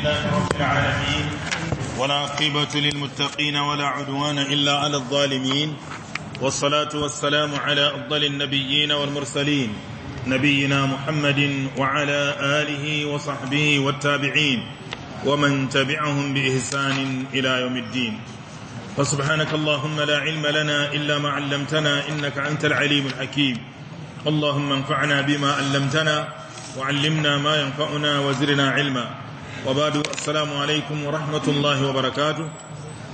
لله رب العالمين ولا عقبة للمتقين ولا عدوان إلا على الظالمين والصلاة والسلام على أفضل النبيين والمرسلين نبينا محمد وعلى آله وصحبه والتابعين ومن تبعهم بإحسان إلى يوم الدين فسبحانك اللهم لا علم لنا إلا ما علمتنا إنك أنت العليم الحكيم اللهم انفعنا بما علمتنا وعلمنا ما ينفعنا وزرنا علما wa badu assalamu alaikum wa rahmatullahi wa barakatu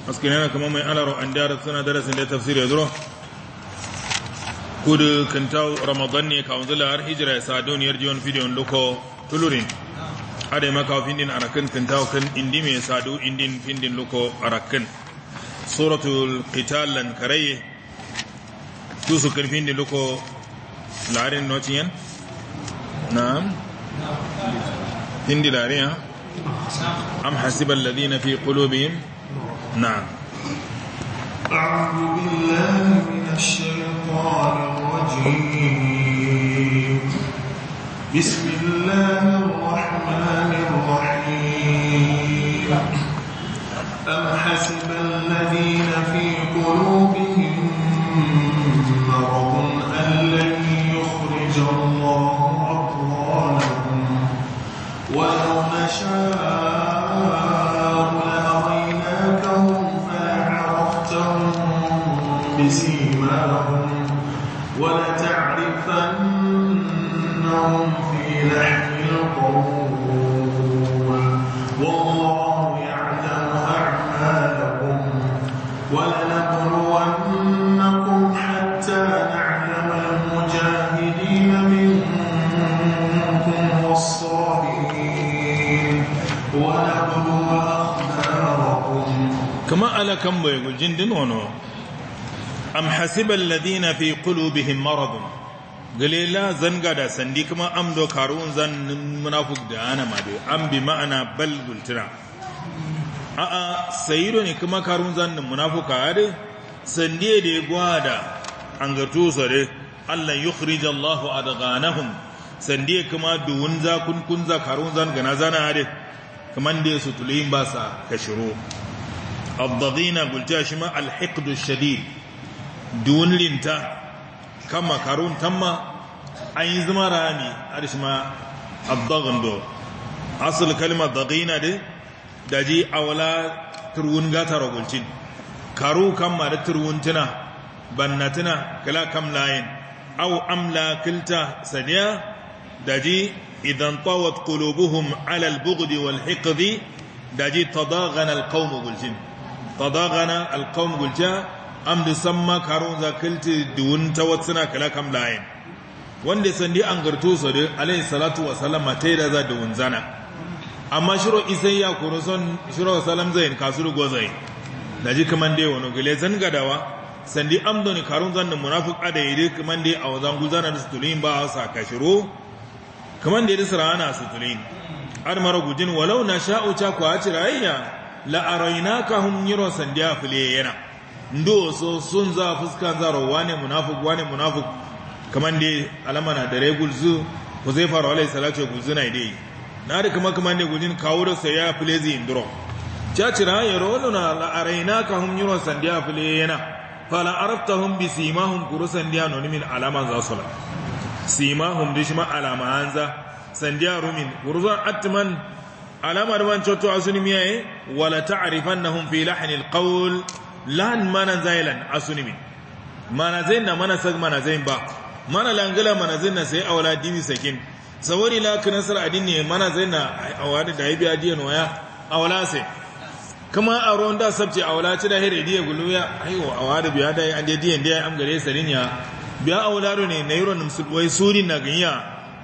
askin yana kamar mai alaro an dara suna darasin da tafsir ya zuro kudu kanta ramadan ne kawun zula har hijira ya sa doniyar jiwon fidiyon loko tulurin adai maka findin arakin kanta kan indi mai sadu indin findin loko arakin suratul qital lan karaye tusu karfin da loko larin nocin yan na hindi larin ya أم حسب الذين في قلوبهم نعم أعوذ بالله من الشيطان الرجيم بسم الله الرحمن الرحيم أم حسب الذين في قلوبهم مرض أن لن يخرج الله سيماهم ولتعرفنهم في لحن القول والله يعلم أعمالكم ولنبلونكم حتى نعلم المجاهدين منكم والصابرين ونبلو أخباركم كما ألا كم بيقول جند ونور am hasibal ladina fi qulubihim maradun galela zanga da sandi kuma am do karun zan munafik da ana ma dai am bi ma'ana bal dultira a a sayiro ne kuma karun zan munafika dai sandi da gwada an ga tusare Allah yukhrijallahu adghanahum sandi kuma duwun za kun za karun zan gana zana dai kaman da su tulin ba sa kashiro abdadina gulta shi ma alhiqdu shadid duwun linta kan makarun tamma an yi zama rami a rishima abdagan do asali kalmar dagina da daji a wala turwun gata ragulcin karu kan ma da turwun tuna kala kam layin au amla kilta saniya daji idan tawat qulubuhum alal al-bughd wal hiqd daji tadagana al-qawm gulcin tadagana al-qawm gulcin an bi san makarun zakilti duwun ta watsuna kala kam layin wanda san di an garto su da alayhi salatu wa salama ta yi da za duwun zana amma shiro isai ya kuro son shiro wa salam zai kasuru zai da ji kaman dai wani gile zan gadawa san di an doni karun zan da munafuk a da yi dai kaman dai a wazan guzana da sutulin ba a sa ka shiro kaman dai da sirana sutulin har mara gujin walau na sha'u cakwa a cirayya la'arainaka hun yiron sandiya fule yana ndo so sun za fuskan zaro wane munafik wane munafik kaman dai alamana dare regul zu huzaifa ro alai salatu guzu na dai na da kuma kaman dai gujin kawo da sai ya filezi indro chachira ya ronu na araina ka hum yuro sandiya fule yana fala araftahum bi simahum kuru sandiya no min alaman za sala simahum dishma alaman za sandiya rumin kuru atman alamar man to a miyaye wala ta'rifannahum fi lahnil qawl lan mana zailan asunimin mana zain na mana sag mana zain ba mana langala mana zain na sai awala dibi sakin sawari la kana sar adin ne mana zain na awada da adiya no waya awala sai kuma a ronda sabce awala ci da hire diya guluya aiwa awada biya da an diyan dai am gare sarin ya biya ro ne nayro nim su boy suri na ganya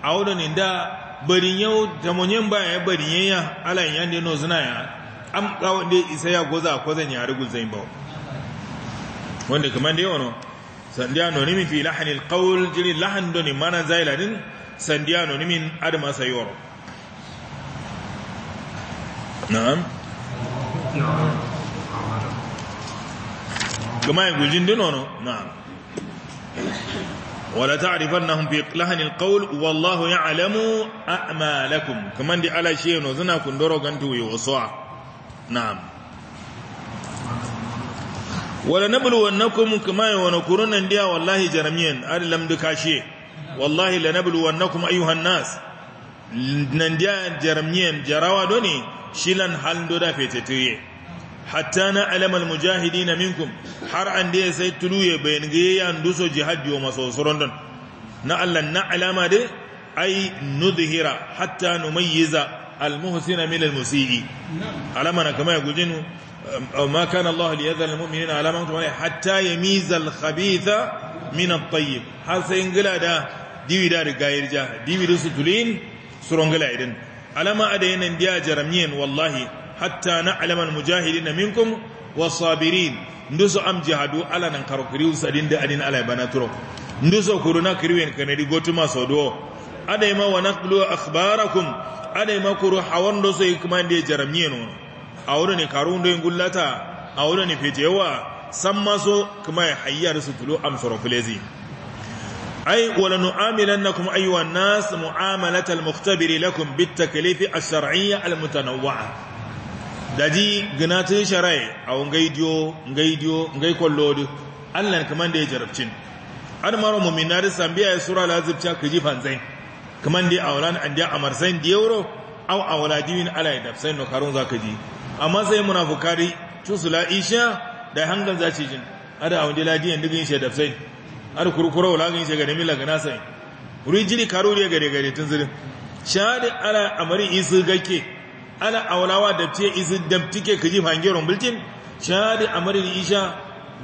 awda ne da barin yau da monyen ba ya barin yanya ala yan ne no zina ya am kawande isa ya goza ko zan ya rugu zain ba wanda kaman da yawano sandiano nimin fi lahanil qawl jiri lahan doni mana zaila din sandiano nimin adama sayoro na'am kuma yin gujin dino no na'am wala ta'rifannahum fi lahanil qawl wallahu ya'lamu a'malakum kaman di ala shayno zina kun doro gantu yo soa na'am wala nablu wannakum kama yunkuruna ndiya wallahi jaramiyan alam dukashe wallahi la nablu wannakum ayuhan nas nandiya jaramiyan jarawa doni shilan haldo da fetetuye hatta na alamal mujahidin minkum har an da sai tuluye bayan ga yan duso jihadi masu wasu don na Allah na alama dai ai nudhira hatta numayyiza al muhsina min al musii alama na kama gujinu أو ما كان الله ليذل المؤمنين على ما أنتم عليه حتى يميز الخبيث من الطيب حتى ينقل دا ديوي دار غير جا ديوي دو ستولين سرونغلا إذن على ما أدينا بيا جرمين والله حتى نعلم المجاهدين منكم والصابرين ندوسو أم جهادو على ننكرو كريو سدين دا أدين على بناترو ندوسو كورونا كريوين كندي غوتما سودو أديما ونقلو أخباركم أديما كورو حوان دوسو يكمان دي جرمين ونو karu awru gullata karundu ingullata fete ni san maso kuma ya hayyar su tulo amsoro filezi ai wala nu'amilannakum mu'amalatar nas mu'amalatal mukhtabiri lakum bitaklifi ash-shar'iyya al-mutanawwa'a daji gnatin sharai aw ngaidiyo ngaidiyo ngai kollodi Allah kaman da ya jarabcin an maro mu'minari sambiya sura lazibta kaji fanzain kaman da awlan an da amarsain au aw diwin ala yadfsain no karun zakaji amma sai munafukari tun su la'isha da hangan za ce jin ada a wanda ladiyan duk yin shaidaf sai har kurkura wula ga yin shaidaf da mila gana sai ruwan jiri karu ne gare gare tun zirin shahadi ala amari isu gake ala aulawa da ce isu damtike kaji hangeron bultin shahadi amari isha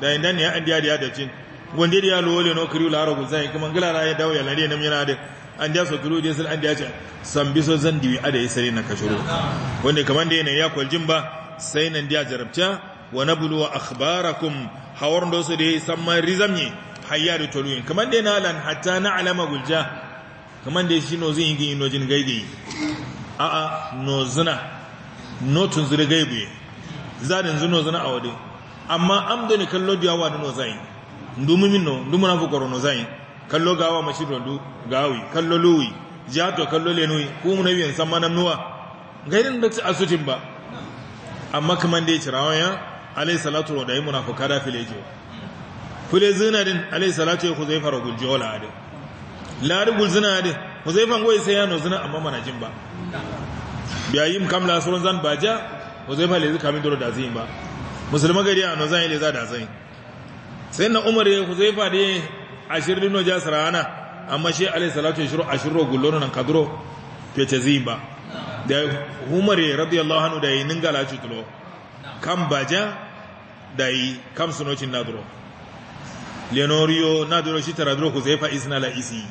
da yin dan ya an diya da ya dace wanda ya lolo no wula larabu zai kuma ngala ya dawo ya ladiyan nan yana da an ja so kilo je an ja ce san biso zan diwi ada yi sare na kashuru wanda kamar da yanayi ya kwaljin ba sai nan da jarabta wa nablu akhbarakum hawar da su da yi san man ne hayya da toluyin kamar da yana lan hatta na alama gulja kamar da shi nozin yi gini nojin gaibe a a no notun zuri gaibe zanen zuri zina a wadai amma amdani kallo diyawa da nozayi ndumumin no minno fukwaro nozayi kallo gawa mashir wandu gawi kallo luwi jihato kallo lenui ku mu nabiyan san manan nuwa gairin da su asutin ba amma kaman da ya ci rawaya alai salatu wa dai munafika da filejo fule zina din alai salatu ya kuzai fara guljola adin lari gulzina din kuzai fangoyi sai ya zina amma mana jin ba biyayim kamla surun zan baja kuzai fa lezi kamin dole da zin ba musulma gari a nozan ile za da zin sai na umar ya kuzai fa da ashir lino ja rana amma shi alayhi salatu yashru ashru gullon nan kadro to ce zimba da Umar radiyallahu anhu da yin gala tulo kam baja da yi kam sunocin nadro lenorio nadro shi taradro ku zai fa isna la isi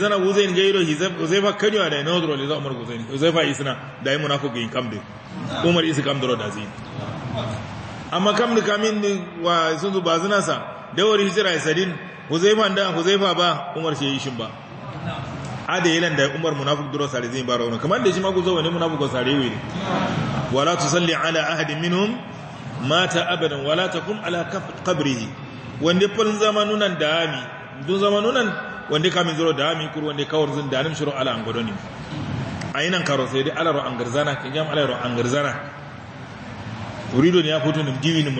zana wuzain gairo huzaifa kanywa da nodro leza umar guzaini zefa isna da munako nako kam de umar isi dro da zai amma kam ni kamin wa sunzu bazinasa sa dawar hijira sadin huzaifa da huzaifa ba umar shi yishin ba ada yalan da umar munafiq duro sare zai ba rauna kamar da shi ma zo wani munafiq sare wai wala tusalli ala ahadin minhum mata abadan wala kun ala qabrihi wanda fal zamanunan ami dun zamanunan wanda kamin zuro ami kur wanda kawar zun danim shiru ala angodoni ayinan karo sai dai ala ro angarzana kin jam ala ro angarzana urido ne ya fito nim diwi ni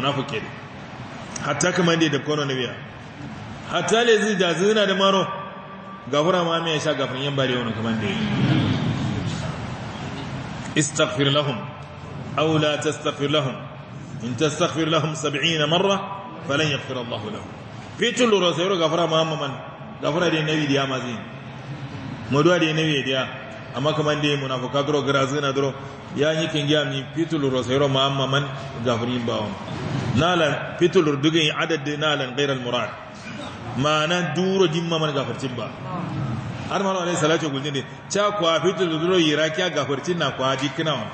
hatta kamar da ya na biya hatta le zai da zina da maro gafura ma mai sha gafin yan bari wani kamar da yi istaghfir lahum aw la tastaghfir lahum in tastaghfir lahum 70 marra falan yaghfir Allah lahum fitul lura sai gafura ma man gafura da nabi da ma zai muduwa da nabi da amma kamar da munafuka duro gara zina duro ya yi kin giya mi fitul lura sai ma man gafurin bawon nalan fitulur dugin adadin nalan gairar murad ma'ana duro jimma mana gafarcin ba har malawa ne salatu gulni ne cha kwa fitulur duro yirakiya gafarcin na kuwa jikina wa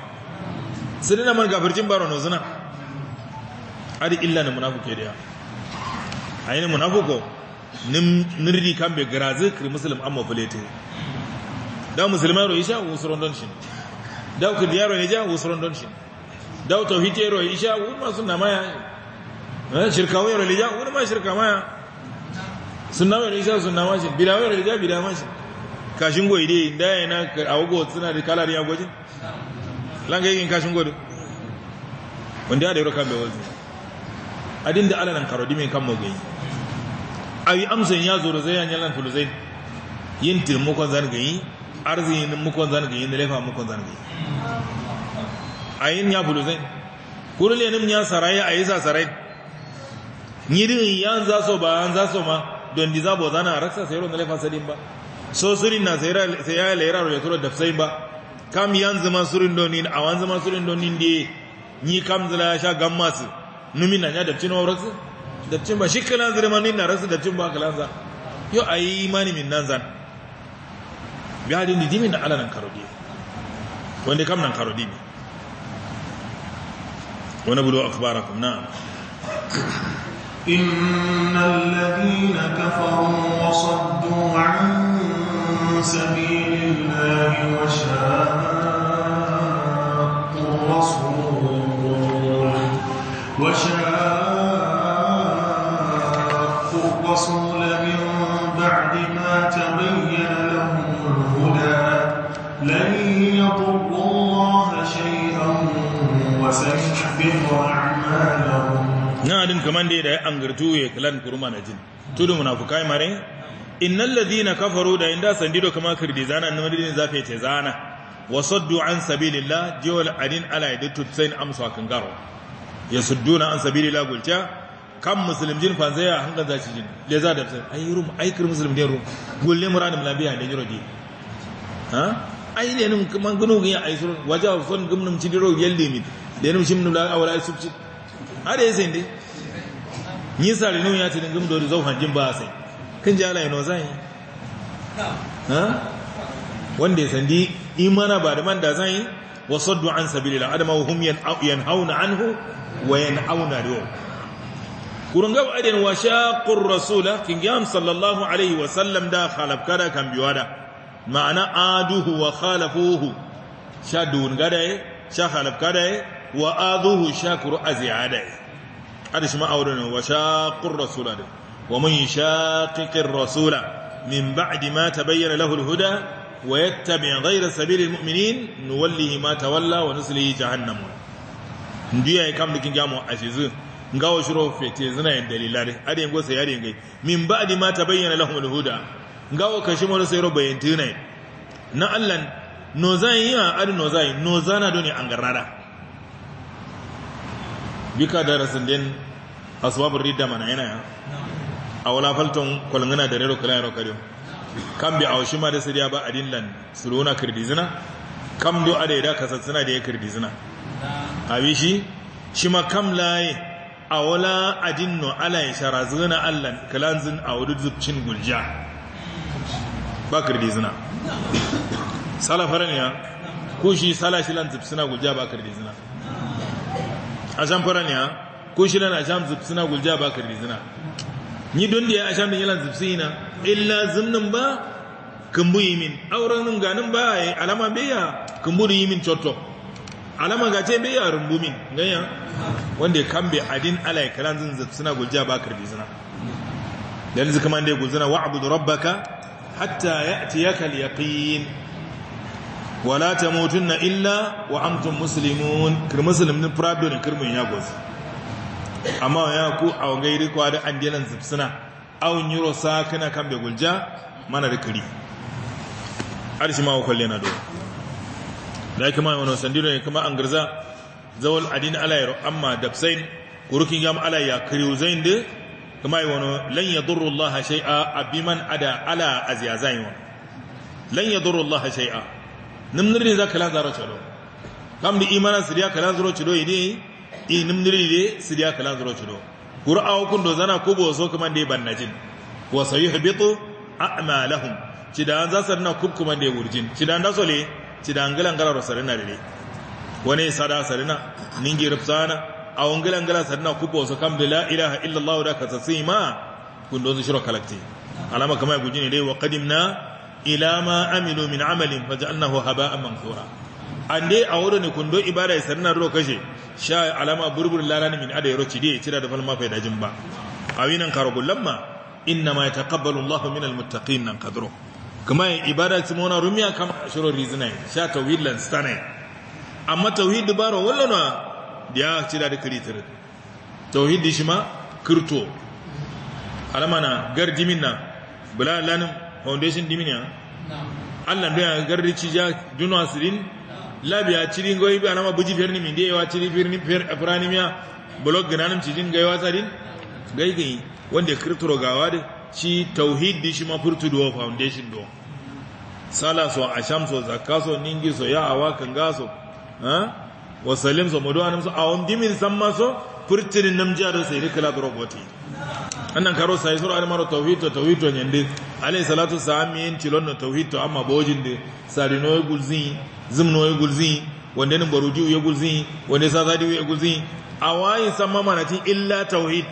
sun na mana gafarcin ba rano zina illa na munafu ke ya a yi na munafuko nirri kan bai grazi kiri musulun amma fulete da musulman ro'isha wasu rondon shi da ku diyaro ne ja wasu rondon shi daw tawhid ero isha wurma sunna maya eh shirka wero lija wurma shirka maya sunna wero isha sunna shi bila wero lija bila mashi kashin goyi dai da yana awgo suna da kalar ya goji langa yin kashin goyi wanda da yaro kan bai wazi adin da alalan karodi min kan mogayi ayi amsan ya zo zai yan yalan tulzai yin tilmu kon arzi yin mukon kon da lefa mukon kon ayin ya buluzain kurle nim ya sarai sa sarai nyiri ya za so ba an za so ma don za bo zana raksa sayro na lefa sadin ba so surin na sai ya lera ro turo da fasain ba kam yan zama surin a wan zama surin ni de ni kam zala sha gammas numi na ya da cin raksa da cin ba shi kalan zirman ni na raksa da cin ba kalan za yo ayi imani min nan zan din di min da alanan karodi wanda kam nan karodi ne ونبلو أخباركم نعم إن الذين كفروا وصدوا عن سبيل الله وشاقوا الرسول وشاقوا kamande da ya ya kalan kuruma na jin tudu munafukai mare innal ladhina kafaru da inda sandido kama kirdi zana nan madidin zafe ce zana wasaddu an sabilillah jiwal adin ala yadtu tsain amsa kan garo yasudduna an sabilillah gulta kan muslim jin fanzaya hankan zaci jin le za da tsain ayi rum ai kir muslim ne rum gulle muradum labiya da jiro di ha Ayi, ne nun kuma gunu ga ai sun waja sun gumnum cikin yalle mi da nun shimnum la awala subci ada yasin ni sare no ya tin gum do zau hanjin ba sai kin jala ino zan yi ha wanda ya sandi imana ba da man da zan yi wa saddu an sabilillah adama wa hum yanhauna anhu wa yanhauna lahu kurunga aden wa shaqur rasula kingam sallallahu alaihi wa sallam da khalafkada kan biwada ma'ana aduhu wa khalafuhu sha dungada sha khalafkada wa aduhu shakuru aziyada aure ne wa shaqur rasula da wa mun shaqiqir rasula min ba'di ma tabayyana lahu al-huda wa yattabi ghayra sabili al-mu'minin nuwallihi ma tawalla wa nuslihi jahannam ndiye kam dikin jamo asizu ngawo shiro fete zina yin dalilare ade ngo sai ade ngai min ba'di ma tabayyana lahum al-huda ngawo kashi mo sai ro bayantina na allan no zai ya adu no zai no zana doni angarara bika rasin din asbabur ridda mana yana ya wala falton kolngana da rero kala ro kariyo kam bi washi ma da siriya ba adin lan suluna kirdizina kam do a da kasatsina da ya kirdizina bi shi shi ma kam laye awla adin no ala ya zina allan kalanzin awudu zubcin gulja ba kirdizina sala ya? Ku shi sala shi lan zubsina gulja ba kirdizina a fara ne ha ko shi lana sham zubsina gulja ba kar zina ni don da ya a sham din yalan zubsina illa zunnun ba kumbu yi min auren nun ganin ba eh, ya alama biya kumbu yimin yi min alama ga ce biya rumbumin ganya wanda kan bi adin alai ya kalan zin zubsina gulja ba kar zina dan yanzu man dai ya gulzina wa'budu rabbaka hatta ya'tiyaka al-yaqin wala ta na illa wa amtun muslimun kir prado problem kirmin ya gozi amma ya ku a gairi kwa da andilan awon yi rosa kana kan bai gulja mana da kiri arshi ma wakwalle na do da kuma wani sandiro ne kuma an garza zawal adin alayro amma dabsain kurukin gam alayya kiri zain de kuma wani lan yadurru Allah shay'a abiman ada ala wa lan ya Allah shai'a nimnirni za kala zaro chalo kam da di imana siriya kala zaro yi ini i nimnirni de siriya kala zaro chalo qur'a kun do zana ko Wasu kuma de bannajin wa sayuhbitu a'malahum cidan za sarna kub kuma de wurjin cidan da sole cidan gara da sarina da ne wani sada sarina ningi rufsana a galan gala sarina kub wasu kam da la ilaha illa allah da kasasima ma. do shiro kalakti alama kama guji ne dai wa na. ila ma amilu min amalin faj'alnahu haba'an mansura ande a wurin ne kundo ibada ya sanna ro kashe sha alama burbur lalani min ada yaro ci dai cira da falma fai dajin ba awinan karabul lamma inna ma yataqabbalu Allahu min almuttaqin nan kadro kuma ibada ci mona rumiya kam shiro rizinai sha tawhid lan stane amma tauhid baro wallana ya cira da kritir tauhid shi ma kirto alamana garjimin nan bulalanin foundation diminya allah doya garri cija juno asirin labiya ciri goyi bi anama buji ferni mi dewa ciri ferni fer miya blog gananum cijin gaiwa sarin gai gai wanda kirturo gawa de ci tauhid di shi furtu do foundation do sala so asham so zakka so ningi so ya awa kangaso ha wa wasalim so modo anam so awon dimin samma so furtirin namja da sai rikala roboti annan karo sai sura almaru maro tawhid to tawhid to nyende alai salatu sami tilon no tawhid to amma bojin de sari no e gulzin zim no e gulzin wanda ne baruji ya gulzin wanda sa sadi ya gulzin awai samma mana ti illa tawhid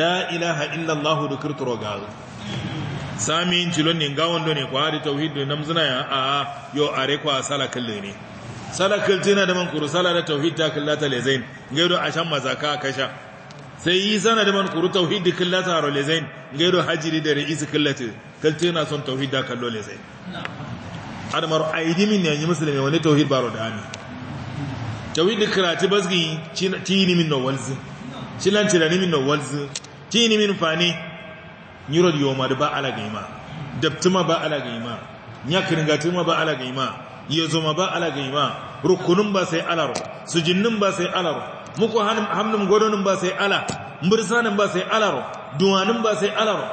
la ilaha illa allah dukirtu rogal sami tilon ne ga wando ne kwa da tawhid do namzuna ya a yo are kwa salakal ne sala kaltina da man kuru sala da tawhid ta kallata lezain gaido a shan mazaka kasha sai yi sana da man kuru tauhidi killata haro lezain gairo hajiri da ra'isi killata kalta yana son tauhid da kallo zai adamar aidimin yanyi musulmi wani tauhid baro da ami tauhidi kirati basgi nimin min nawalzi cilan cilani min nawalzi yi nimin fani yuro yoma da ba ala gaima dabtuma ba ala gaima nyakirin gatuma ba ala gaima yezoma ba ala gaima rukunin ba sai alaro sujinnin ba sai alaro muku hamnin gwadonin ba sai ala mursanin ba sai alaro duwanin ba sai alaro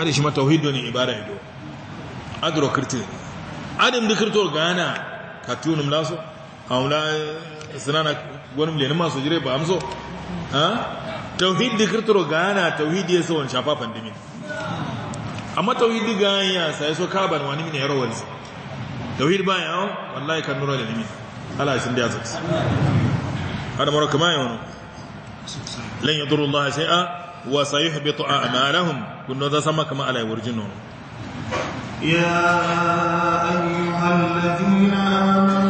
adi shi matauhido ne ibada ido agro kirti da kirto gana katunum laso haula sanana gwanin lenin masu jire ba amso tauhid kirto gana tauhid ya sawon shafa pandemi amma tauhid ganya sai so kaban wani ne ya rawarsa tauhid baya wallahi kan nura da limin Allah shi da zai hada mara kuma yawon lan yadurru Allah shay'a wa sayuhbitu a'malahum sama kama ala ya ayyuhal ladina amanu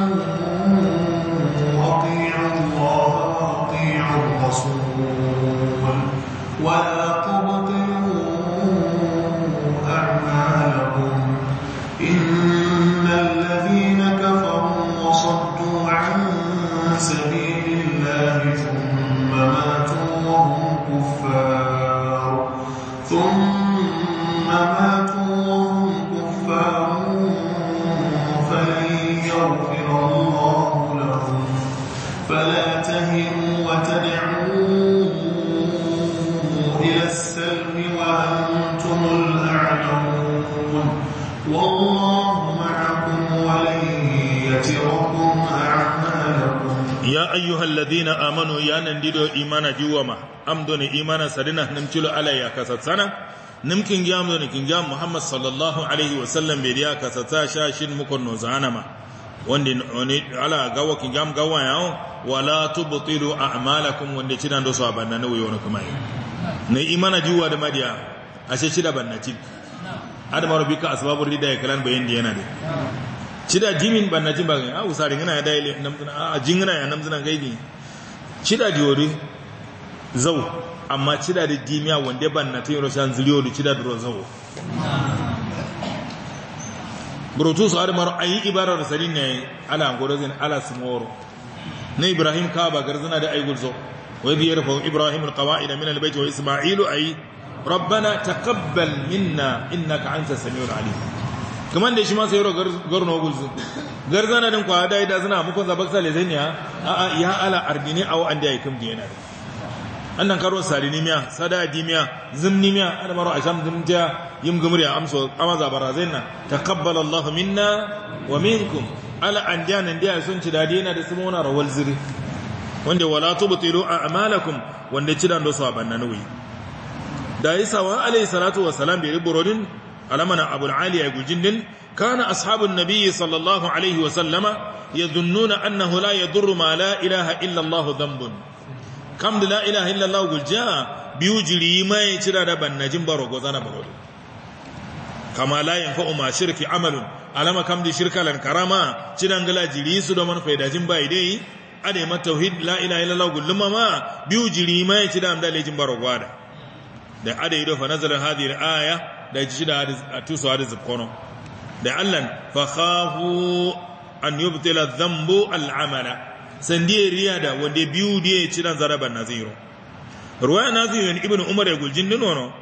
do ni imana sadina nimchilo alayya kasatsana nimkin giyam do kin kingiyam muhammad sallallahu alaihi wasallam be riya kasatsa shashin mukonno ma wanda oni ala gawa kingiyam gawa yawo wala tubtilu a'malakum wanda cidan do so abanna ne wayo kuma ne imana jiwa da madiya ashe cida bannati adama rabbika asbabur rida ya kalan bayan yana ne cida jimin bannati ba ga usarin ina ya dai namzuna a jingina ya namzuna gaidi cida jiwori zau amma cida da dimiya wanda ban na tayin rosan ziliyo da cida da zau burutu su har maro ayi ibarar salin ne ala gorozin ala smoro na ibrahim ka ba garzana da aigul zau Wai yadda fa ibrahim alqawaid min albayt wa isma'ilu ay rabbana taqabbal minna innaka anta samiul alim kaman da shi ma sai garno gulzu garzana din kwa da suna mukon zabaksa lezenya a a ya ala ardini aw an da yakum diyana annan karo salinimiya sadadimiya zimnimiya almaru asham yin yim a amsa amaza ta taqabbala Allahu minna wa minkum ala andiyana ndiya sun ci dadi yana da simona rawal ziri wanda wala tubtilu a'malakum wanda ci dan do sabanna nuwi da isa wa alayhi salatu wa salam bi ribrodin alamana abul ali ya gujin din kana ashabun nabiyyi sallallahu alaihi wa sallama yadhunnuna annahu la yadurru ma la ilaha illa Allah dhanbun kam la ilaha illallah gulja biyu jiri mai cira da bannajin barogo zana barogo kama la yanfa'u ma shirki amalun alama kam di shirka lan karama cidan gala jiri su da man faidajin bai dai ade ma tauhid la ilaha illallah gulluma ma biyu jiri mai cira da lejin barogo da da ade ido fa nazala hadhihi al-aya da ji da tusu hadis kono da allan fa khafu an yubtila dhanbu al-amala sandiye riyada wanda biyu diye ciran zaraban naziru ruwaya ne ibn umar ya guljin nuno no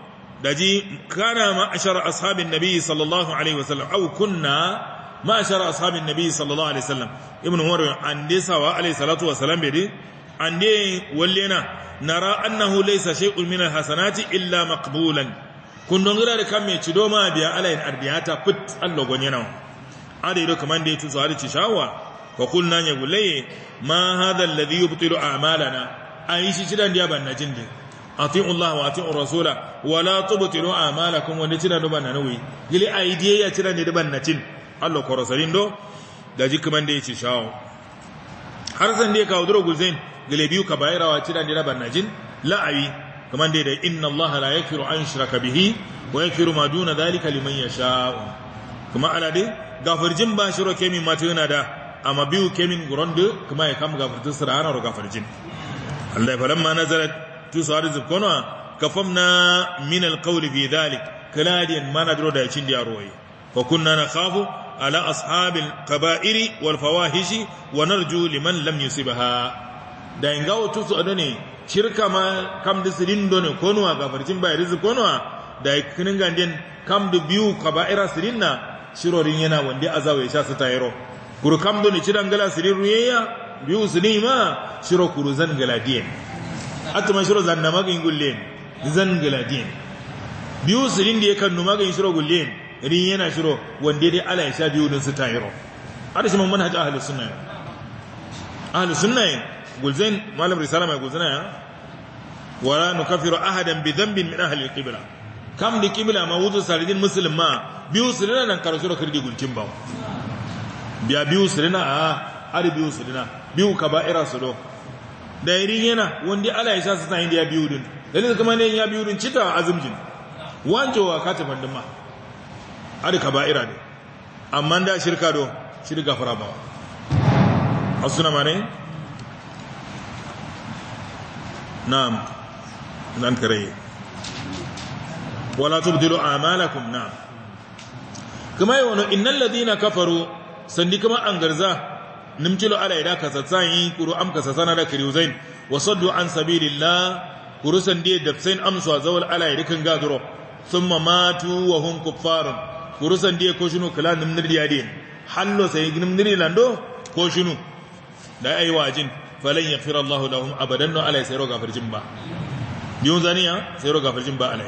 da ji kana ma'ashara ashabin nabi sallallahu alaihi wasallam au kunna ma'ashara ashabin nabi sallallahu alaihi wasallam ibn umar an sawa alaihi salatu wasallam bai an dai wallena nara annahu laysa shay'un min alhasanati illa maqbulan kun don gura da kamme ci doma ma biya alayin ardiyata fit allo gonyana ade do kamande tu zuwa ci shawa wa kulna ya gulaye ma hadha alladhi yubtilu a'malana yi shi cidan dia ban najin din ati'u Allah wa ati'u rasula wala wa la tubtilu a'malakum wa cidan do ban nawi gili a yi dia ya cidan dia ban najin Allah ko rasulin do da kuma da yace shawo har san dai ka wuduro guzain gile biyu ka bayira wa cidan dia ban najin la'awi kaman dai da inna Allah la yaghfiru an shiraka bihi wa yaghfiru ma duna dhalika liman yasha kuma ala dai gafirjin ba shiro kemi mata yana da amma biyu kemin gurandu kuma ya kama gafarta sura ana roga farjin Allah falamma nazalat tu sa'ad zukuna kafamna min alqawli fi dhalik kaladiyan mana biro da cin da royi fa kunna nakhafu ala ashabil qaba'iri wal fawahishi wa narju liman lam yusibha da ingawo tu su adone shirka ma kam disirin done konuwa gafarcin bai rizu konuwa da kinin gandin kam da biyu kaba'ira sirinna shirorin yana wanda azawa ya sha su tayiro kuru kamdo ni cidan gala siriru yeya biyu su ni ma shiro kuru zan gala diyan. diyen atuma shiro zan na magin gullen zan gala diyan. biyu su rin da ya kannu magin shiro gullen rin yana shiro wanda dai ala ya sha biyu don su ta tayiro har shi mamman hajji ahalus sunna ya ahalus sunna yin gulzain, malam risala mai gulzana ya wala nukafiru ahadan bi dhanbin min ahli al-qibla kam di qibla ma wuzu saridin muslim ma biyu su rin nan karasu da kirgi gulkin ba biya biyu su dina, a har biyu su dina, biyu ka ba'ira su do da irin yana wanda ala ya sa su sayin da ya biyu din nisa kuma ne ya biyu din cita azumjin wancewa wa ta bandin ma har ka ba'ira ne amma da shirka do shirka fara ba asuna ma ne na'am zan kare wala tubdilu a'malakum na'am kuma yi wani innan ladina kafaru sandi kama an garza nimtilo ala ida ka satsayi kuru am ka da kiriuzain wa saddu an sabilillah kuru sandi e dabsain amsu zawal ala ida kan gaduro thumma matu wa hum kuffarun kuru sandi e ko shinu kala nimnir yadi hallo sai nimnir lando ko shinu da ai wajin falan yaghfir Allah lahum abadan no ala sai ro farjin ba biyun zaniya sai ro farjin ba ala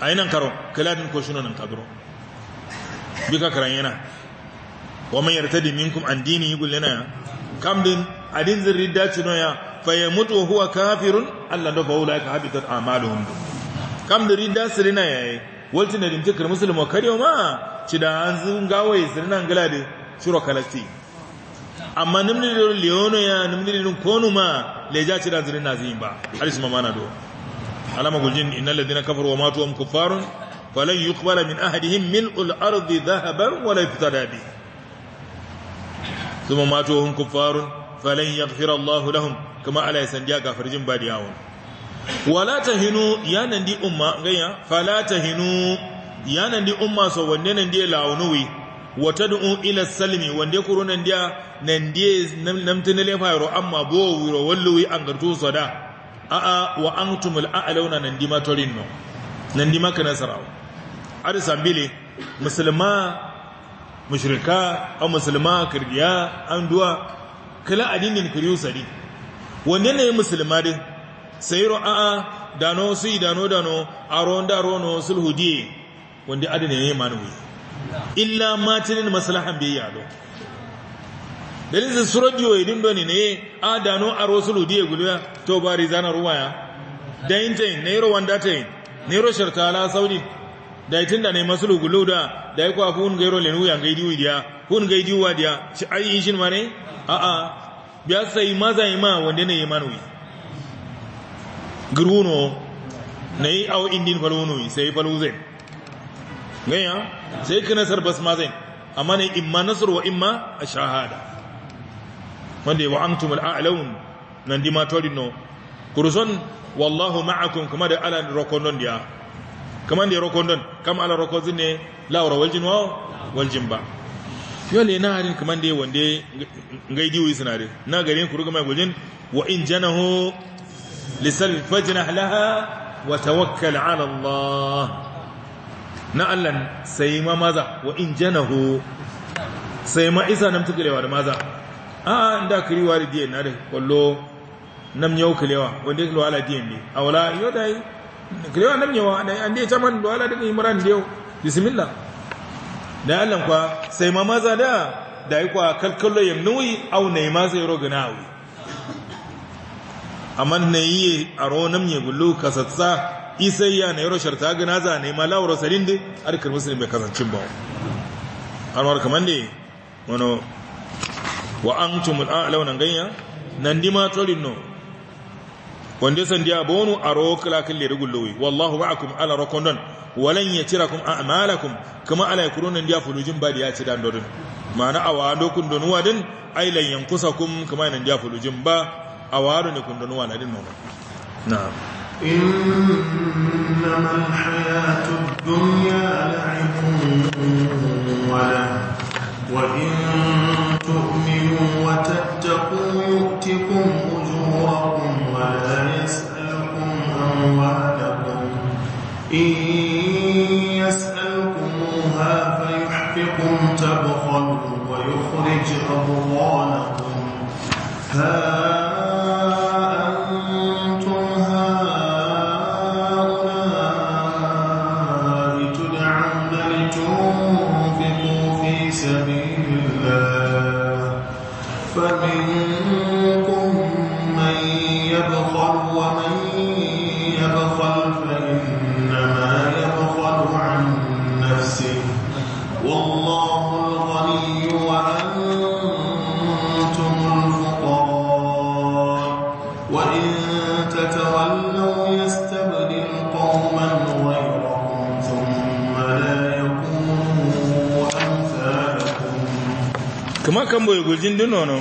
ainan karo kala din ko shinu nan kaduro bika karanyana. wa man yartadi minkum an dinihi kullana kam din adin zirida chinoya fayamutu huwa kafirun alla da fa ka habitat a'maluhum kam da rida sirina yayi eh. walti na din muslim wa kariyo ma ci da an zun gawaye sirina ngalade shuro kalasti amma nimni do leono ya nimni do konu ma leja ci da zirina zin ba alis ma mana do alama gujin innal ladina kafaru wa matu hum kuffarun falan yuqbala min ahadihim mil'ul ardi dhahaban wala yuftada bihi suma mato hun kuffarun falen ya fira Allah lahun kuma Allah ya san gafarjin ba da yawon. Wala ta hinu yanan di umma ganya fala hinu yanan di umma so wanne nan die launuwi wata du'u ila salimi wanne kuro nan dia nan die namtin le fayro amma bo wiro walluwi an gartu soda a a wa antumul a'launa nan di matorin no nan di maka nasarawo arisan bile musulma mushrika a musulma kirgiya an duwa kala adinin kiriyusari wanne ne musulma din sai ro'a dano su dano dano a ruwan da ruwan wasu hudiye wanda adana ne manuwi illa matinin masalahan bai yalo dalin su suradiyo idin doni ne a dano a ruwan su hudiye guda to bari zana ruwaya dayin tayin yi nairo wanda tayin nairo shartala saudi da tinda ne masu lugulu da ko hun gairo lenu yan gaidi widiya hun gaidi wadiya ci ai shin mare a a biya sai maza ima wanda ne imanwi gruno nei au indin falunu sai faluze gaya sai kana sarbas mazai amma ne imma nasr wa imma ashahada wanda wa antumul a'lamun nan dima tori no kuruson wallahu ma'akum kuma da ala rokonon dia kaman da roƙon don kam ala roko zine laura waljin wawo waljin ba yole na harin kaman da wande ngai diwi sinari na gari ku ruga mai gujin wa in janahu lisal fajina halaha wa tawakkal ala Allah na Allah sai ma maza wa in janahu sai ma isa nam tukulewa da maza a inda kiriwa da diyan na da kwallo nam yau kulewa wanda ya kulewa ala diyan ne a wala yau da yi kirewa nan yawa da an dai taman dole da imran da yau bismillah da Allah kwa sai ma maza da da yi kwa kalkallo yamnuyi au ne ma sai ro ganawi amman ne yi ro nan ya gullu kasatsa isai ya ne ro sharta gana za ne ma lawro salin da arkar muslim bai kasancin ba anwar kaman ne wano wa a a'launa ganya nan dima tori no wanda sandiya bonu aro kala kalle rugulowi wallahu ma'akum ala rakondon walan yatirakum a'malakum kama ala yakuruna dia fulujin badi ya ci dan mana awado kun donuwa din ay lan yankusakum kama nan dia fulujin ba awado ne kun donuwa na din non na'am إنما الحياة الدنيا لعب وله وإن تؤمنوا وتتقوا يؤتكم أموالكم إن يسألكموها فيحفكم تبخلوا ويخرج أضغانكم هذا kambo e dino no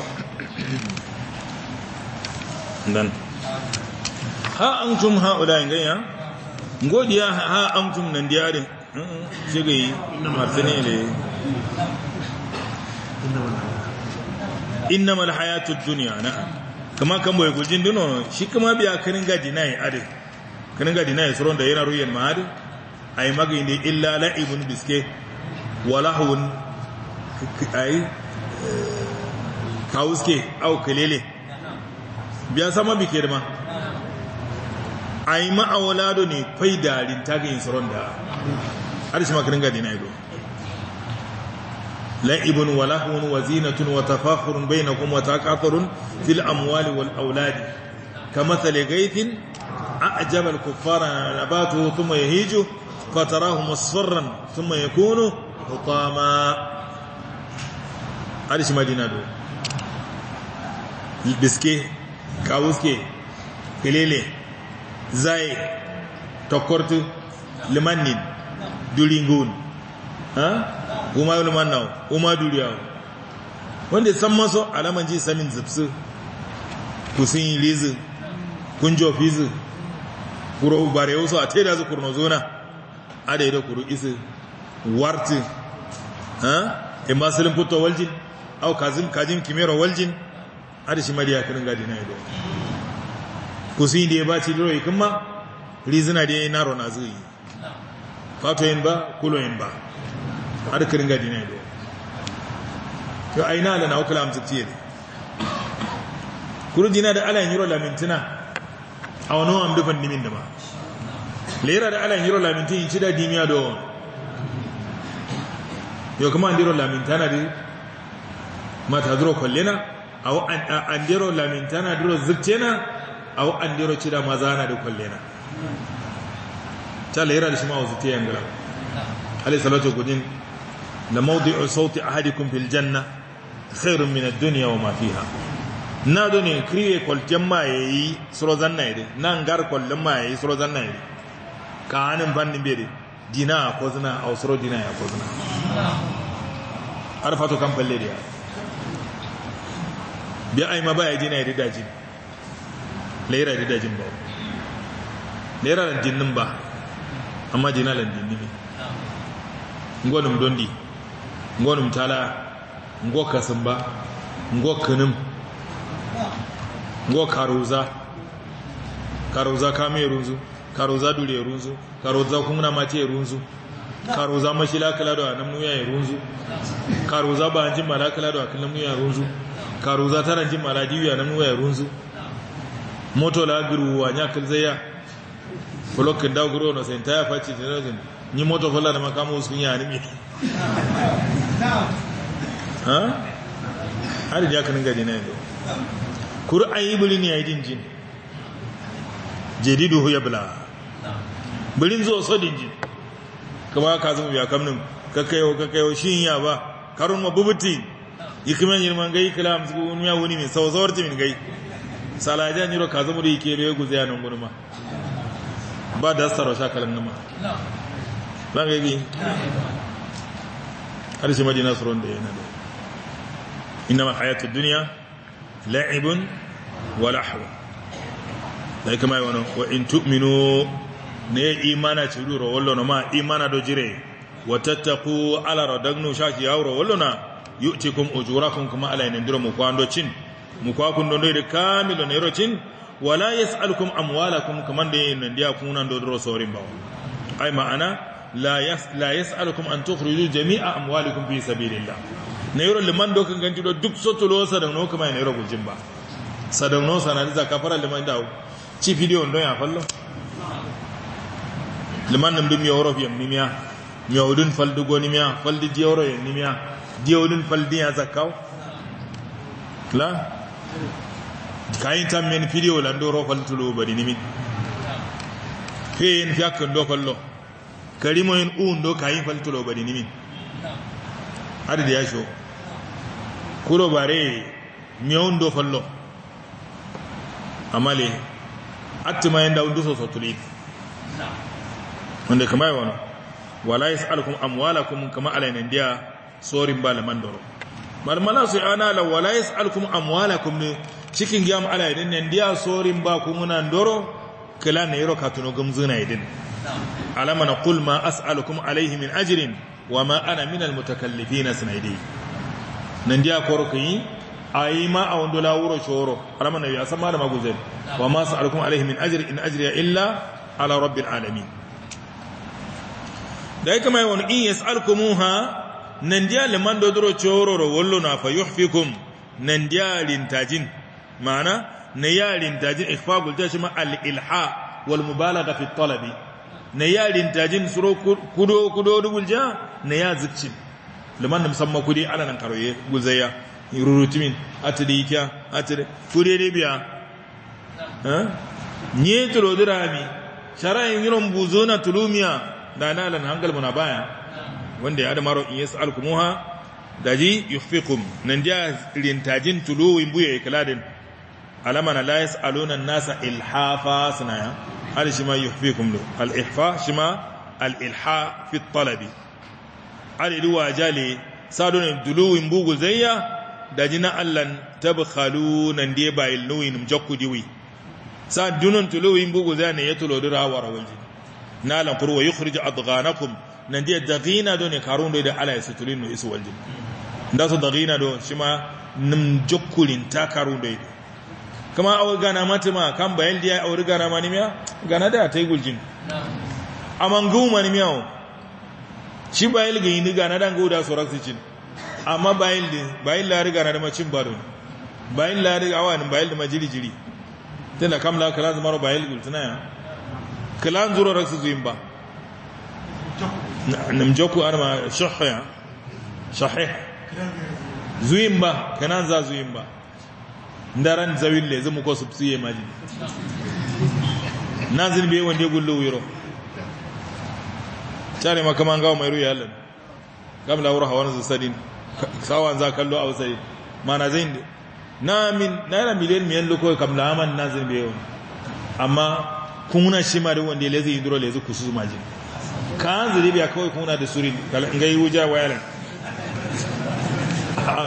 dan ha antum haula ngaya godiya ha antum nan diyarin shigai martini ne innamal hayatud dunya na'am kama kambo e dino no shi kama biya kanin gadi nayi ade kanin gadi nayi suron da yana ruyan ma ade magi magindi illa la'ibun biske walahun ay kawuske au kelele biya sama bi kirma ai ma awlado ne fai darin taga insuron da shi makarin gadi na ido la'ibun wa wa zinatun wa tafakhurun bainakum wa taqathurun fil amwali wal auladi kamathali ghaythin a'jaba al kuffara nabatu thumma yahiju فتراه مصفرا thumma yakunu حطاما arshi madina do biske kawuske kelele zai tokkortu limannin dulingun ha kuma yi limannawo kuma duriyawo wanda san maso alaman ji samin zipsu kusin yi lizu kun jofizu kuro bare so a teda su kurno zona a da yi da kuru isu warti ha in e masu limfuta waljin au kazim kajin kimero waljin ada mariya kirin gadi na ido kusi da ya baci duro ikin ma rizina da ya yi naro na fato fatoyin ba kuloyin ba har kirin gadi na ido to aina da na hukula amsatiyar kurujina da alayin yiro lamintina a wani wa amdufan dimin da ma lera da alayin yiro lamintin ci da dimiya da yau kuma an yiro lamintana da mata duro kollina aw andiro lamintana duro zirtena aw andiro cida mazana da kwallina ta lera da shi ma wazuti yan gura alayhi salatu gudin la mawdi'u sauti ahadikum fil janna khairun min duniya wa mafi ha. na duniya kriye kolken ma yayi suro zanna yade nan gar kwallon ma yayi suro zanna yade ka hannun bandin bede dina a kwazina a suro rodina ya kwazina zina arfato kan balle da bi ai ma baya jina yadda dajin laira da dajin ba laira da jinnin ba amma jina lan jinni ne ngonum dondi ngonum tala ba samba ngokanum ngokaruza karuza kame runzu karuza dure runzu karuza kuma mace runzu karuza mashila kala da nan muya runzu karuza ba anjin malakala da kallon muya runzu karuza tara jin maladiyu ya namu ya runzu moto la giru wa nya kalzaya block da gro na sen ta faci da nan ni moto falla da makamu sun ya ni ha har da kan gadi ne do qur'ani bulin ya idin jin jadiduhu yabla bulin zo so din jin kuma ka zama biya kamnin kakayo shi shin ya ba karun mabubutin yikimen yirman gai kalam su ya wuni min sawzawar min gai salaja niro kaza mu da yake re guze ya nan gunuma ba da saro sha kalam numa ba ga gi har shi madina suron da yana da ma hayatu dunya la'ibun wa lahwa dai kuma yi wani wa in tu'minu ne imana ci duro wallo ma imana do jire wa tattaku ala radagnu shaki yawro wallo na yu'tikum ujurakum kuma ala yanndiro mu kwando cin mu kwa kun dondo de kamilo ne rocin wala yas'alukum amwalakum kuma de nandiya kunan do doro sorin bawo ai ma'ana la yas la yas'alukum an tukhriju jami'a amwalikum fi sabilillah ne yoro liman do kan ganti do duk sotulo no kuma ne yoro gujin ba sa na da kafara liman dawo ci video ndo ya fallo liman nim ro yoro fiyam mi nyawdun faldu gonimiya faldi jiyoro yenimiya diolin faldiya zakaw la kayin tan men fidio lan do ro faltulo bari nimi fen fiak ndo kollo karimo en un do kayin faltulo bari nimi hadi da yasho kuro bare nyon do fallo amale attima yanda undu so sotuli wanda kamar wani wala yas'alukum amwalakum kama alainan biya sorin balaman doro malmala su ana la wala yasalkum amwalakum ne cikin jam ala idan ne dia sorin ba kuma nan doro kala ne yaro katuno gumzuna idan alama na qul ma as'alukum alayhi min ajirin wa ma ana min almutakallifin sanaidi nan dia koro kai ayi ma a wando la wuro shoro alama na ya sama da maguzai wa ma as'alukum alayhi min ajrin in ajriya illa ala rabbil alami. da yake mai wani in yas'alkumuha nandiya liman coro ro wallo na fa yuhfikum nandiya lintajin ma'ana na ya lintajin ikhfa gulta shi ma al ilha wal mubalagha fi talabi na ya lintajin suro kudo kudo dubulja na ya zikcin liman musamma kudi ala nan karoye gulzaya rurutimin atidi kya kudi ne biya eh nye dirami shara yin buzuna tulumia tulumiya da nalan hangal muna baya wanda ya adamaro in yas'alkumuha daji yufikum nan dia lintajin tuluwin buya ikladin alama na la yas'aluna an-nasa ilhafa sanaya hal shima yufikum lu al-ihfa shima al-ilha fi at-talabi hal idu wajali sadun tuluwin bugu zayya daji na allan tabkhaluna dia bayil nuwin jakkudiwi sadun tuluwin bugu Zaiya ne ya yatulo dura warawalji nalan kurwa yukhrij adghanakum nan dia dagina do ne karun do da ala ya sutulin no isu waljin da su dagina do shi ma nim jokkulin ta karun do kuma awu gana matima kan bayan dia awu gana ma nimiya gana da ta guljin aman guma nimiya shi bayan ga yin gana dan goda su raksicin amma bayan din bayan la riga na da macin bado bayan la riga awanin bayan da majiri jiri tana kamla kalan zama bayan gultuna ya kalan zuro raksu zuyin ba namjoku arma shuhya sahih zuimba ba kanan za ndaran zawille zumu ko subsiye maji nazin be wande gullu wiro tare kaman gawo mai ruya Allah gamla wura hawan su sadin sawan za kallo a wasai mana zain na min naira miliyan miyan loko kamla aman nazin be wani amma kuna shi ma da wanda le zai duro kusu maji kan ziribi kawai kuna da suri ngai wuja wayalan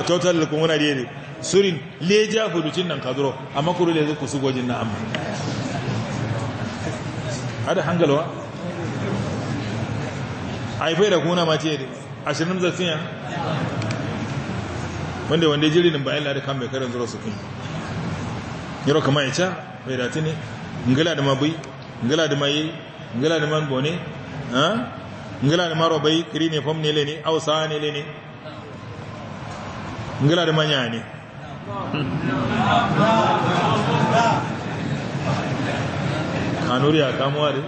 total kun wani da ne surin leja huducin nan kaduro amma kuro da zuku su gojin na amma hada hangalwa haifai da kuna ma ce ne ashirin zafiya wanda wanda jirinin bayan lada kan mai karin zuro su kun yaro kama ya ca mai dati ne ngala da mabai ngala da maye ngala da man bone ngila da maro bai kiri ne fam ne le ne ausa ne ne ngila da manya ne kanuri a kamuwa da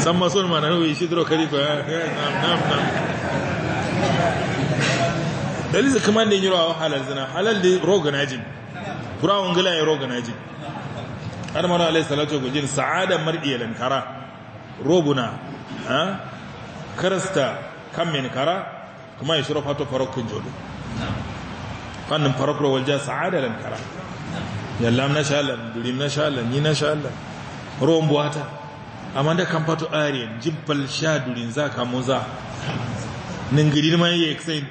san maso ma na shi duro kari ko nam nam nam dalisa kamar da yi rawa halal zina halal da roganajin kurawun gila ya roganajin har mara alai salatu gujin sa'ada mar'i lankara robuna ha karasta kan min kara kuma ya shirafa to farakun jodo fannin farakro walja sa'ada lankara yallam na Allah, durim na Allah, ni na Allah. ruwan buwata amma da kan fato ariyan jibbal sha durin za ka muza gidi ma yi excited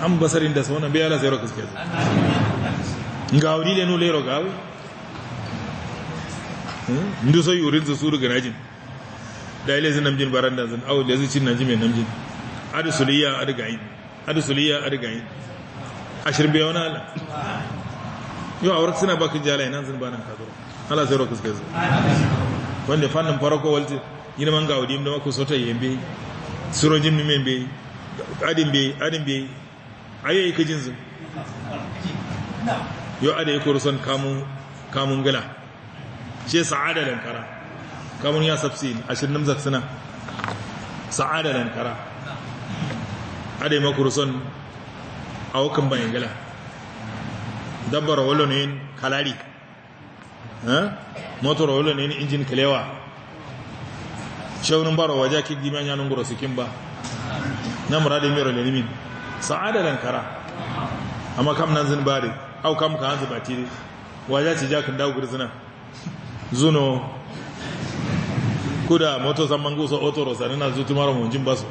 an basarin da saunan biya la sai rokas ga wuri da nule rogawi ndu sai yurin su suru ganajin da ile zin namjin baran da zin au da zin cin namjin mai namjin adu suliya adu gayi adu suliya adu gayi ashir bai wani ala yau aure suna bakin jala ina zin bana kadura ala sai suke kai wanda fannin farko walti yin man ga wadi da mako sota yembe surojin mimen be adin be adin be ayoyi kajin zin yau ada yi kurson kamun gala shi sa'ada lankara kamun ya sabsin ashirin namzat suna sa'ada lankara ada yi makuruson a wakan bayan gala dabbar wallon yin kalari motar wallon yin injin kalewa shaunin baro waje kik diman yanin gura su kin ba na muradin mero lalimin sa'ada lankara amma kam nan zin bari au kam ka hanzu ba tiri waje ci jakin dagur zina zuno kuda moto samman gusa otoro sanina zutu mara munjin basu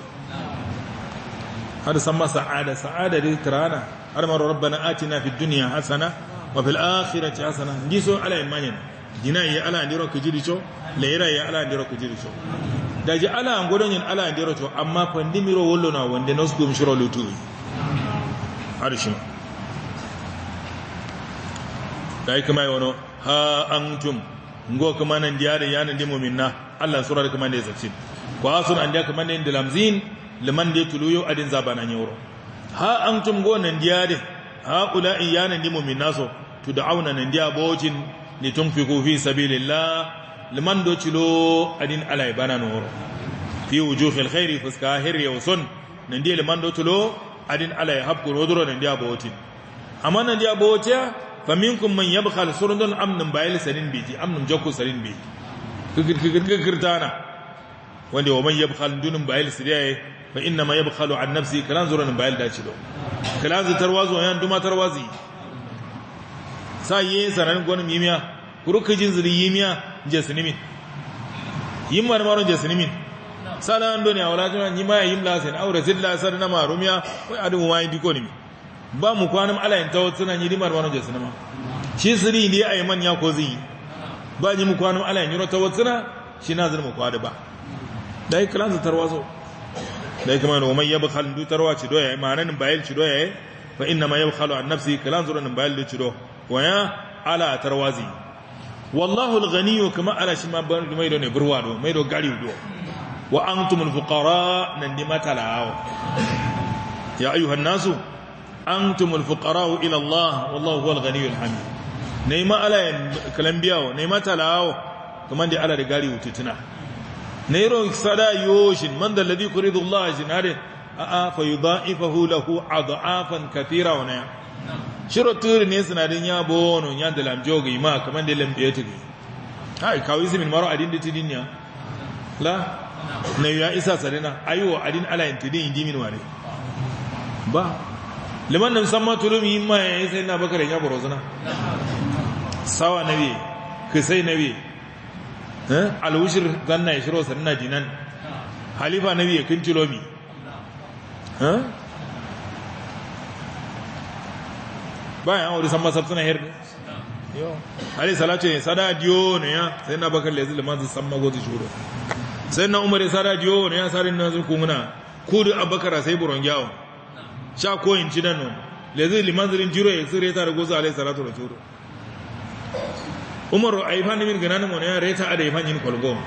har samma sa'ada sa'ada di tirana har maro rabbana atina fi dunya hasana wa fil akhirati hasana ngiso ala imanyan dina ya ala ndiro kujiricho leira ya ala ndiro kujiricho daji ala angodon yin ala ndiro to amma pandi miro wollo na wande nos gum shiro lutu arishima dai kuma yono ha antum ngo kuma nan diya da yana dimo minna Allah surar kuma da yace ko asun an da kuma nan dilamzin liman da tuluyo adin zabana yoro ha antum go nan diya da ha ula yana dimo minna so tud'auna nan diya bojin litunfiqu fi sabilillah liman do tilo adin alai bana noro fi wujuhil khairi fuska hirri yusun nan diya liman do tilo adin alai habku rodro nan diya bojin amma nan diya bojin faminkum man yabkhal surdun amnun bayil sanin biji amnun jakku sanin biji kikirkirtana wanda wa man yabkhal dunun bayil sidiyaye fa inna ma yabkhalu an nafsi kalan zuran bayil dace do kalan zu tarwazu yan duma tarwazi yi sanan gonum yimiya kurukujin zuri yimiya jasnimin yimman maron jasnimin sanan do wala awlajin yima yimla sen aure zilla sarna marumiya wai adu wai dikonimi ba mu kwanan alayin ta wata nan yi rimar wani jesu nama shi siri ne a yi manya ko zai ba ni mu kwanan alayin yiro ta wata shi na zirma kwa da ba da yi kalan su tarwa so da yi kamar wamai yabu halin du tarwa ci doya ma'anan bayil ci doya eh? fa inna ma yabu halu an nafsi kalan su ranin bayan ci do waya ala tarwa zai wallahu al-ghaniyu kama ala shi ma ban mai do ne burwa do mai do gari do wa antumul fuqara nan di matalawo ya ayyuhan nasu antumul fuqara'u ila Allah wallahu huwal ghaniyyul hamid nema ala kalambiyawo nema talawo kaman da ala da gari wututuna nairo sada yoshin man da ladhi quridu Allah jinare a a fa yudha'ifahu lahu adhafan kathira wa naya shiro turi ne sanadin ya bono ya da lamjogi ma kaman da lambiyatu ai kawai zimin maro adin da tidinya la na ya isa sarina ayo adin ala indimin ba liman da musamman turumi ma ya sai na bakar ya baro zuna sawa nabi biye kisai nabi eh alwushir zanna ya shiro sannan dinan halifa nabi biye kin cilomi eh? bayan wuri san masar her yo Ali salatu ne sada diyo ne ya sai na bakar lezi liman su san magozi shuro sai na umar sada diyo ne ya sadin na su na kudu abakara sai buron gyawon sha ko in ci dano le zai liman jiro ya tsire ta da gozo alai salatu da a umaru fannin min ganani mo ya reta ada ifan yin a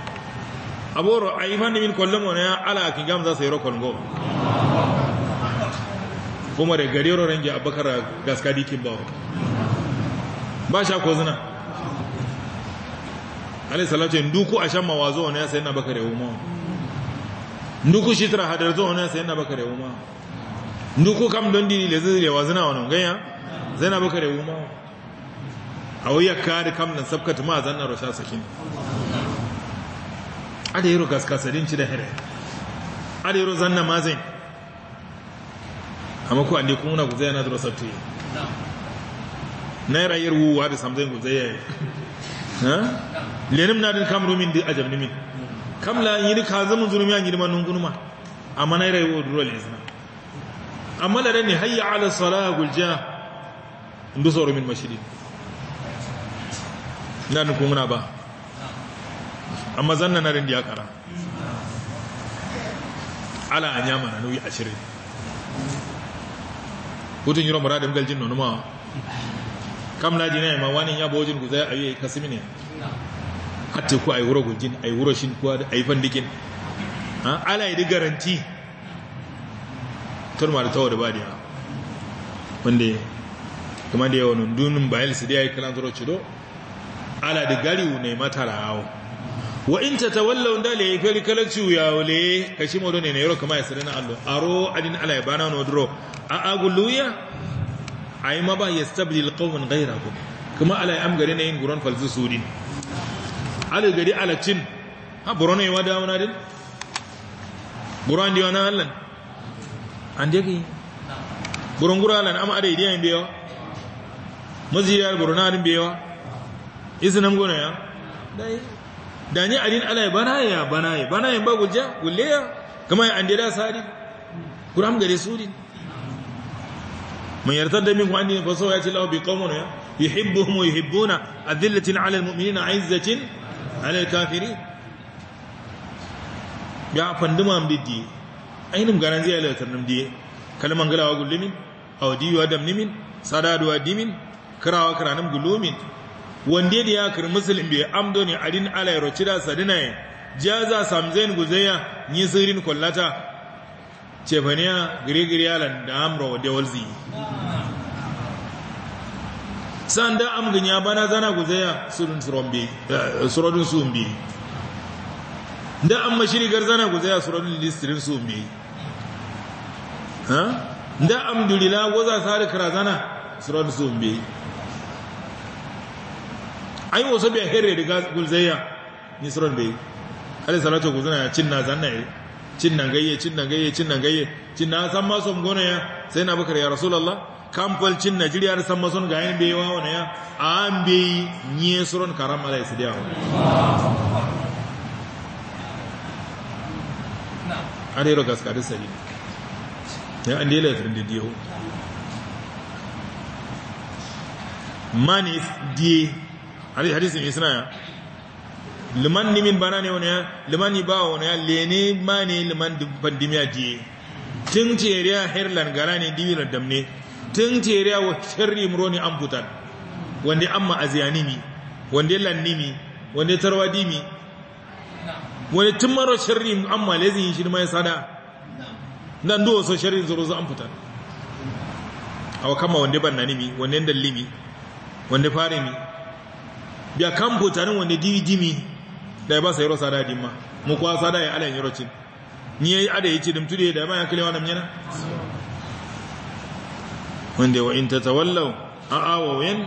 aboro fannin min kwallon mona ya ala kin gam za sai ro kwalgo umar ya gari ro range abakar gaskadi kin bawa ba sha ko zina alai salatu a shan mawazo ne sai na bakare umma shi shitra hadar zo ne sai na ya umma nduku kam dondi lezizile wazina na zena boka le uma awiya kare kam nan sabkat ma zanna rasha sakin ada yiro gaskasadin ci da hare ada yiro zanna mazin amma ku ande kuna ku zayana da sattu na rayar wuwa da samzin ku zayaye ha lenim na din kamru min di ajabni min kam la yiri kazamun zurumi an yirman nungunuma amma na rayuwa durwal izna amma da ne hayya ala a gulja inda soro min mashidi Na ku muna ba amma zanna na rin ya kara ala anya na nuyi ashirin hutun yiro muradin galjin nonu ma kam laji ya ma wani ya bojin guza ya ayi kasimi ne hatta ku ayi wuro gujin ayi wuro kuwa a ayi fandikin ala yi garanti turma da tawar ba da wanda kuma da yawon dunin bayan su da ya yi kalan zuro cido ala da gari ne matara hau wa in ta tawalla wanda le ya fari kalan ciwuya wule ka shi mawado ne na yaro kama ya na allo aro adin ala ya bana wani duro a aguluya a yi maba ya stabilil kawon gaira ku kuma ala ya amgari na yin guron falsi sudin ala gari ala cin ha buronai wa damuna din buron diwa na allan andegi burungura lan am ade idiyan biyo muziyar din biyo izinam gona ya dai dani adin alai banaya Banaye. Banaye ba gulja gulleya kuma ya da sari kuram gare yarda da min ku andi fa sawati lahu bi qawmin ya yuhibbuhum wa yuhibbuna adillatin ala almu'minina 'izzatin ala alkafirin ya fanduma mbidi ainihin gana zai la tarnum di kalman galawa gullumin awdiyu adam damnimin, sadadu dimin, kirawa kiranum gulumin wande yadda ya kir muslim bi amdoni adin alai rochida sadinaye jaza samzain guzaya yi sirin kwallata cefaniya girigiriya lan da amro da walzi sanda amgin ya bana zana guzaya surun surun eh, surodun da amma shirigar zana guzaya surun listirin sumbi Nda amdulila goza sare karazana surat zumbi ai wasu biya herre da gulzayya ni surat yi. alai salatu guzana ya cinna zanna ya cinna gayye cinna gayye cinna gayye cinna san ma sun gona ya sai na bakar ya rasulullah kamfal cinna jiriyar san ma son ga yin wa wawa ya an bai ni surat karam alai sadiya wa are ro gaskarin sabili ya an lela firin da diyo mani diye hadisin isna ya liman ni min bana ne wani ya liman ni ba wani ya lene mani liman bandimiya diye tun teriya herlan gara ne diwiran damne tun teriya wa muro ne an putar wanda amma nimi, wanda lannimi wanda dimi. Wani tun mara sharri amma lazin shi ma ya sada nan do so shari'in zuru za an fita A kama wande banna nimi wande dalimi wande fare mi biya kan botanin wande dimi da ya ba sai rosa da dimma mu kuwa sada ya alan yorocin ni yi ada ce dum tudu da ba ya kalewa nan yana wande wa in a a'a Ya win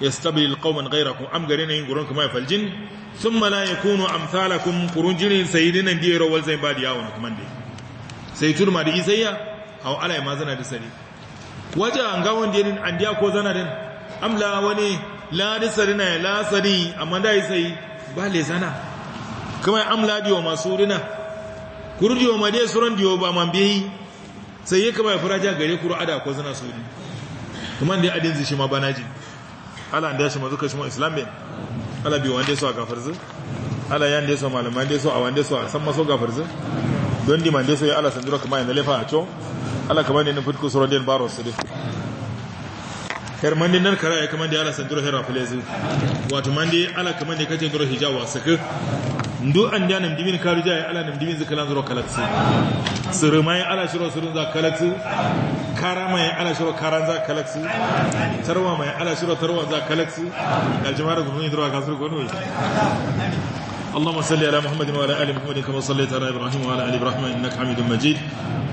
yastabdil gaira ghayrakum am na yin gurun kuma ya faljin Sun ya la yakunu amsalakum kurun jirin sayidina diyaro zai ba da yawon kuma dai sai turma da isaiya aw alaye ma zana da sani wajen an ga wanda yanin an diya ko zana din amla wani la da sari na la sari amma da sai ba le zana kuma amla diyo kuru diyo ma dai suran diyo ba man bihi sai ya bai furaja gare kuru ada ko zana suri kuma dai adin zai shi ma banaji ala da shi ma zuka shi mu islamin ala bi wanda so a gafarzu ala yan da so malamai da so a wanda so a san maso gafarzu di mande sai ala sandura kuma ina lefa co, ala kamar ne nufut kusuro den baro sidi her mande nan kara ya kuma da ala sandura hera fulezi wato mande ala kamar ne kacin duro hijawa saka ndu an da nam dimin karu jaya ala nan dimin zakalan zuro kalaksi surumai ala shiro surun za kalaksi karama ya ala shiro karan za kalaksi tarwa mai ala shiro tarwa za kalaksi aljimara gumuni duro kasur gono اللهم صل على محمد وعلى ال محمد كما صليت على ابراهيم وعلى ال ابراهيم انك حميد مجيد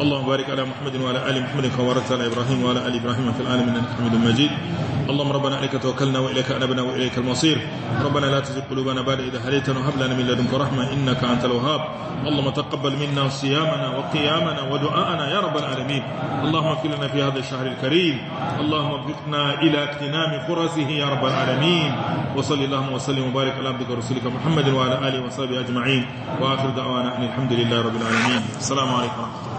اللهم بارك على محمد وعلى ال محمد كما باركت على ابراهيم وعلى ال ابراهيم في العالمين انك حميد مجيد اللهم ربنا عليك توكلنا وإليك أنبنا وإليك المصير ربنا لا تزغ قلوبنا بعد إذا هديتنا وهب لنا من لدنك رحمة إنك أنت الوهاب اللهم تقبل منا صيامنا وقيامنا ودعاءنا يا رب العالمين اللهم اغفر لنا في هذا الشهر الكريم اللهم وفقنا إلى اغتنام فرصه يا رب العالمين وصل اللهم وسلم وبارك على عبدك ورسولك محمد وعلى آله وصحبه أجمعين وآخر دعوانا أن الحمد لله رب العالمين السلام عليكم ورحمة الله